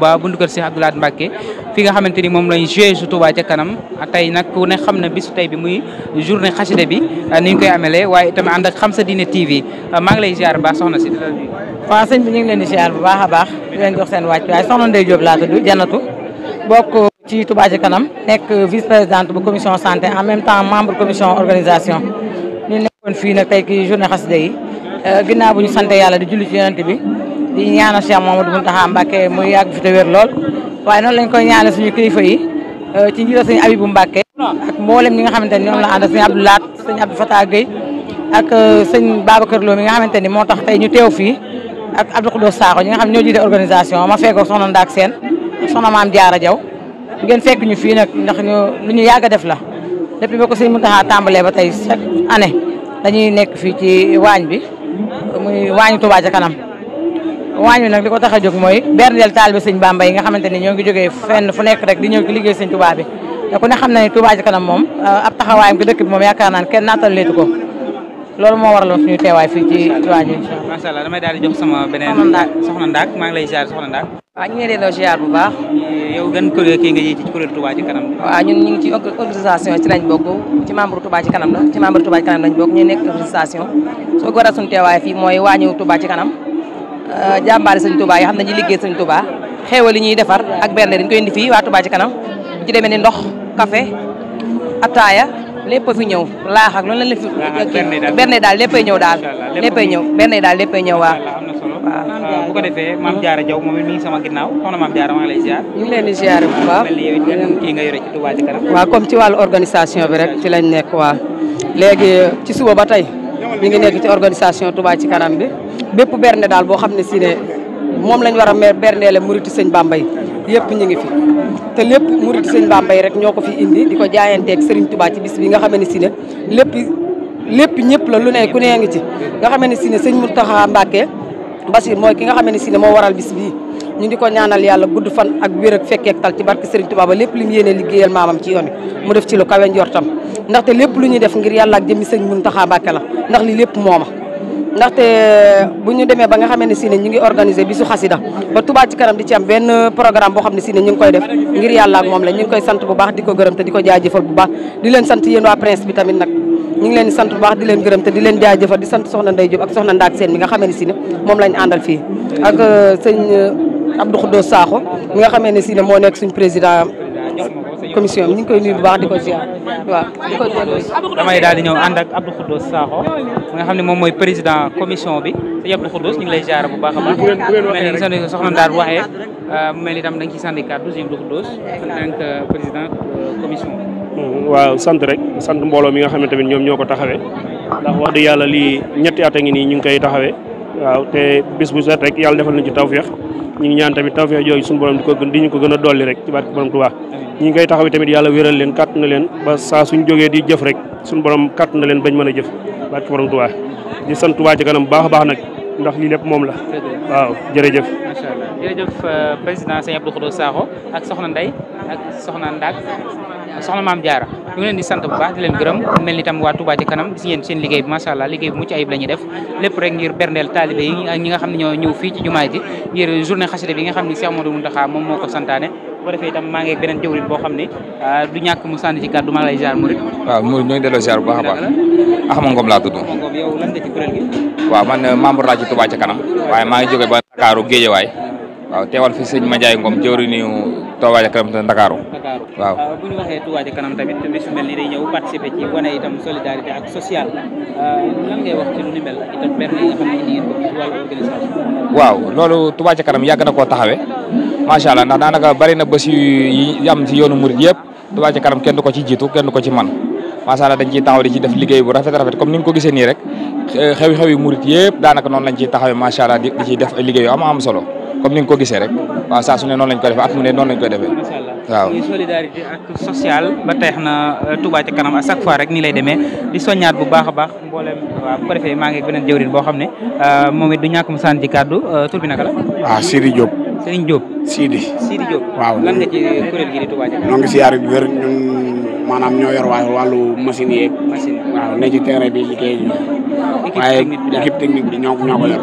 Touba buntu kër Cheikh Abdou Lahad fi nga xamante ni moom lañ joué su a kanam tey nag ku ne xam na bisu tey bi muy journée xasida bi ah, ni ñu sa ah, leen di bu baax a baax di leen jox seen wàcc waaye soxna Ndeye Diop laa tudd Janatu bokk ci Touba ca kanam nekk vice présidente bu commission santé en même temps membre commission organisation ñu nekkoon fii nag tey ki journée xasida yi eh, ginnaaw bu ñu sant yàlla di julli ci yonent bi di ñaanal Cheikh Mamadou Mountakha Mbacké muy yàgg fi te wér lool waaye noonu lañ koy ñaana suñu kilifa yi euh, ci njiital sëñ Abibou Mbacké ak mboolem ñi nga xamante ni ñoom la àndal sëñ Abdou Laat sëñ Abdou Fatah Gueye ak euh, sëñ Babacar Lo mi nga xamante ni moo tax tey ñu teew fii ak Abdou Khoudos Sakho ñi nga xam ñoo jiite organisation ma fekkoo soxna Ndaak Seen soxna Maam Jaara Jaw ngeen fekk ñu fii nag ndax ñu lu ñu yàgg a def la depuis ba ko sëñ Mountakha tàmbalee ba tey chaque année dañuy nekk fii ci waañ bi muy waañu Touba ca kanam waañu nag li ko tax a jóg mooy berndeel taalibe sëñ Bamba yi nga xamante ni ñoo ngi jógee fenn fu nekk rek di ñëw ci liggéey sëñ Touba bi te ku ne xam na ne Touba ci kanam moom euh, yaakaar naan kenn naatal leetu ko loolu moo waraloon suñu teewaay fii ci waañu incha allah macha allah damay daal di jox sama beneen soxna Ndaak maa ngi lay ziar soxna Ndaak ñu bu baax yow gan kuréel kii nga ji ci kuréel ñun ñu ngi ci organisation ci lañ bokk ci membre Touba ci kanam la ci membre Touba ci kanam lañ bokk ñu nekk organisation soo ko waral suñu teewaay fii mooy waañu Touba ci kanam Euh, jàmbaari sëñ Touba yoo xam ne ñu liggéey sëñ Touba xéewal yi ñuy defar ak benn dañ koy indi fii waa Touba ci kanam ci demee ni ndox café ataaya lépp fi ñëw laax fi benn daal léppay ñëw daal léppay ñëw benn daal léppay ñëw waaw waaw ah, bu ko defee maam Diarra Diaw moom mi ngi sama ginnaaw soxna maam Diarra maa ngi lay ziar ñu ngi leen di ziar bu baax kii nga yore ci Touba comme ci wàllu organisation bi rek ci lañ nekk waaw léegi ci suba ba tey ñu ngi nekk ci organisation tubaa ci kanam bi bépp bernde daal boo xam ne si ne moom lañu war a berndeele muriti sëñ Bamba yi yëpp ñu ngi fi te lépp muriti sëñ Bamba yi rek ñoo ko fi indi di ko jaayanteeg Serigne Touba ci bis bi nga xamee si ne lépp lépp ñëpp la lu ne ku ngi ci nga xamee ne si ne sëñ Mountakha Mbacké Bassir mooy ki nga xamee ne si ne moo waral bis bii ñu di ko ñaanal yàlla gudd fan ak wér ak fekkeek tal ci barke Serigne Touba ba lépp li mu yéene liggéeyal maamam ci yoon mu def ci lu kawe njortam ndaxte lépp lu ñuy def ngir yàlla ak jëmmi sëñ Mountakha Mbacké la ndax li lépp mooma ndaxte euh, bu ñu demee ba nga xamee ne si ne ñu ngi organisé bisu xasida ba Touba ci kanam di ci am benn programme boo xam ne si ne ñu ngi koy def ngir yàlla moom la ñu ngi koy sant bu baax di ko gërëm te di ko jaajëfal bu baax di leen sant yéen waa presse bi tamit nag ñu ngi leen di sant bu baax di leen gërëm te di leen jaajëfal di sant soxna Ndey Diop ak soxna Ndaak Seen mi nga xamee ne si moom lañ àndal fii ak euh, sëñ euh, Abdou Khoudous Sakho mi nga xamee ne si ne moo nekk suñ président commission bi ñu ngi koy nuyu bu baax di ko ziar waaw. damay daal di ñëw ànd ak Abdou Khoudous nga xam ne moom mooy président commission bi te Abdou lay ziar bu baax a baax. mel ni soxna soxna Ndar mu mel ni euh, tam da nga ciy sànni kàddu si Abdou Khoudous en tant que euh, mm, waaw sant rek sant mbooloo mi nga xam ne tamit ñoom ñoo ko taxawee ndax wax dëgg yàlla lii ñetti at a ngi nii ñu ngi koy taxawee. waaw te bis bu rek yàlla defal nañu ci tawféex ñu ngi ñaan tamit tawféex yooyu suñu borom di ko gën di ñu ko gën a dolli rek ci barke borom Tuubaa ñi ngi koy taxaw tamit yàlla wéral leen kàtt na leen ba saa suñ di jëf rek suñu borom kàtt na leen bañ mën a jëf barke borom Tuubaa di sant Tuubaa ci kanam baax a baax nag ndax lii lépp moom la waaw jërëjëf macha allah jërëjëf euh, président Sëñ Abdou Khoudoss Sakho ak soxna Ndeye Maam Jaara ñu ngi leen di sant bu baax di leen gërëm mel ni tam waa Touba ci kanam gis ngeen seen liggéey bi macha allah liggéey bu mucc ayib la ñuy def lépp rek ngir berndeel taalibe yi ak nga xam ne ñoo ñëw fii ci jumaa ji ngir journée xasida bi nga xam ne Cheikh Modou Mountakha moom moo ko santaane bu defee itam maa beneen jëwriñ boo xam ne ah, du ñàkk mu sànni ci kàddu maa lay ziar Mouride waaw Mouride ñoo ngi delloo ba bu baax a baax Axma laa tudd Ngom yow lan nga ci kuréel gi waaw man euh, membre laa ci Touba ci kanam waaye maa ngi jóge ba Dakar waaw teewal fi seigne madjay Ngom jëwri ni Touba kanam te dakaro waaw ah, buñ ñu waxee kanam tamit te bisu mel ni day ñew participer ci wane itam solidarité ak social euh lan ngay wax ci lu ni mel itam benn nga xam ne indi ngeen ko ci wàllu organisation waaw lolu Touba kanam yag na ko taxawé ma sha allah ndax danaka bari na bëss yi am ci yoonu mourid yépp Touba kanam kenn du ko ci jitu kenn du ko ci man ma sha allah dañ ci taxaw di ci def liggéey bu rafet rafet comme ni nga ko gisé ni rek xew-xew yi murid yëpp daanaka noonu lañ taxawé ma sha allah di ci def liggéey yu am am solo comme ni ko gisee rek waaw saa su ne noonu lañ koy defee at mu ne noonu lañ na euh, Touba ca kanam à fois rek nii lay demee di soññaat bu baax a baax mboolem waaw maa ngi ak beneen boo xam ne euh, moom it du ñàkk mu sànni ci kàddu euh, tur la waaw ah, Sidi Diop Sëriñ Diop Sidi waaw lan nga ci si yaar bi wér maanaam ñoo yor waa wàllu machine yeeg machine waaw ne ci terrain bi liggéey ñu waaye équipe technique bi ñoo ñoo ko yor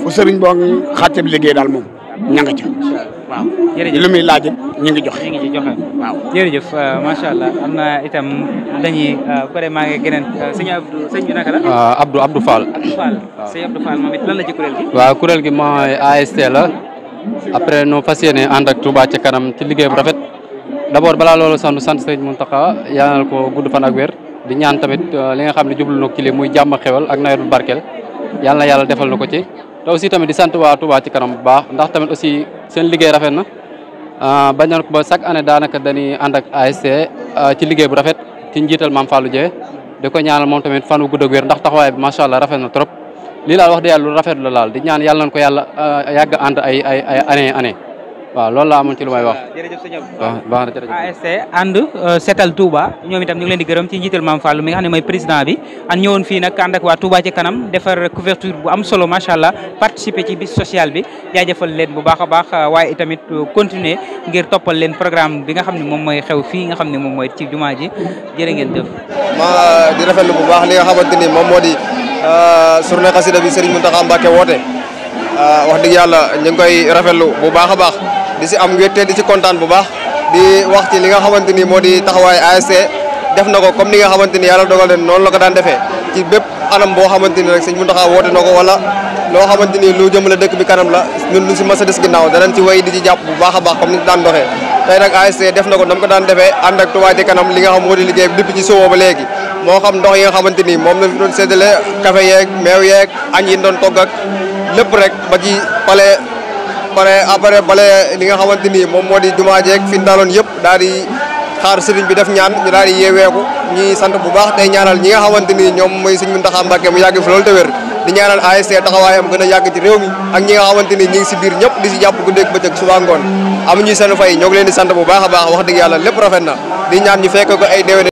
fu sëriñ boo xàcceb liggéey daal moom ña nga ca waaw muy laaj ñu ngi joxe. ñu ngi ci joxe waaw. jërëjëf euh, macha allah itam dañuy bu ko defee maa ngi moom it lan la ci kuréel gi. waaw kuréel gi mooy après noo fas yéene ànd ak Touba ca kanam ci liggéey bu rafet d' abord balaa loolu sant sant sëñ Mountakha yàlla ko gudd fan ak di ñaan tamit euh, li nga xam ne jublu na ko ci lii muy jàmm xewal ak nawetu barkeel yàlla na yàlla defal na ko ci. te aussi tamit di sant waa Touba ci kanam bu baax ndax tamit aussi seen liggéey rafet na ah, bañ na ba chaque année daanaka dañuy ànd ak ASC ah, ci liggéey bu rafet ci njiital Mame Fallou Dieng di ko ñaanal moom tamit fan wu gudd ak wér ndax taxawaay bi macha allah rafet na trop lii laal wax dëgg yàlla rafet la laal di ñaan yàlla nañ ko yàlla ah, yàgg ànd ay ay ay année waaw loolu laa amoon ci lu may wax. jërëjëf sëñ Abdou. ASC ànd euh, seetal Touba ñoom itam ñu ngi leen di gërëm ci njiital Mame Fallou mi nga xam ne mooy président bi an ñëwoon fii nag ànd ak waa Touba ci kanam defar couverture bu am solo macha allah participer ci bis social bi jaajëfal leen bu baax a baax euh, waaye itamit euh, continuer ngir toppal leen programme bi nga xam ne moom mooy xew fii nga xam ne moom mooy ci ji jërë ngeen jëf. ma di rafetlu bu baax li nga xamante ni moom moo di journée xasida bi Serigne Mountakha Mbacké woote wax dëgg yàlla ñu ngi koy rafetlu bu baax a baax di si am wér te di si kontaan bu baax di wax ci li nga xamante ni moo di taxawaay ASC na ko comme ni nga xamante ni yàlla dogal leen noonu la ko daan defee ci boo xamante ni rek sëñ Mountakha woote loo xamante ni lu jëmale dëkk bi kanam la ñun lu si mës a des ginnaaw danañ ci way di ci jàpp bu baax a baax comme ni daan doxee tey nag na ko nam ko daan defee ànd ak ni moom la fi doon séddale café yeeg meew yeeg añ yi doon togg ak lépp rek ba ci palais pare après bale li nga xamante ni moom moo di jumaa jeeg fi daaloon yëpp daal di xaar sëriñ bi def ñaan ñu daal di yeeweeku ñuy sant bu baax tey ñaanal ñi nga xamante ni ñoom mooy sëñ Mountakha Mbacké mu yàgg fi loolu te wér di ñaanal ASC taxawaayam gën a yàgg ci réew mi ak ñi nga xamante ni ñi ngi si di si jàpp ku dégg bëccëg suba ngoon amuñu seen fay ñoo ngi sant bu baax a baax wax dëgg yàlla lépp rafet na di ñaan ñu fekk ko ay déwén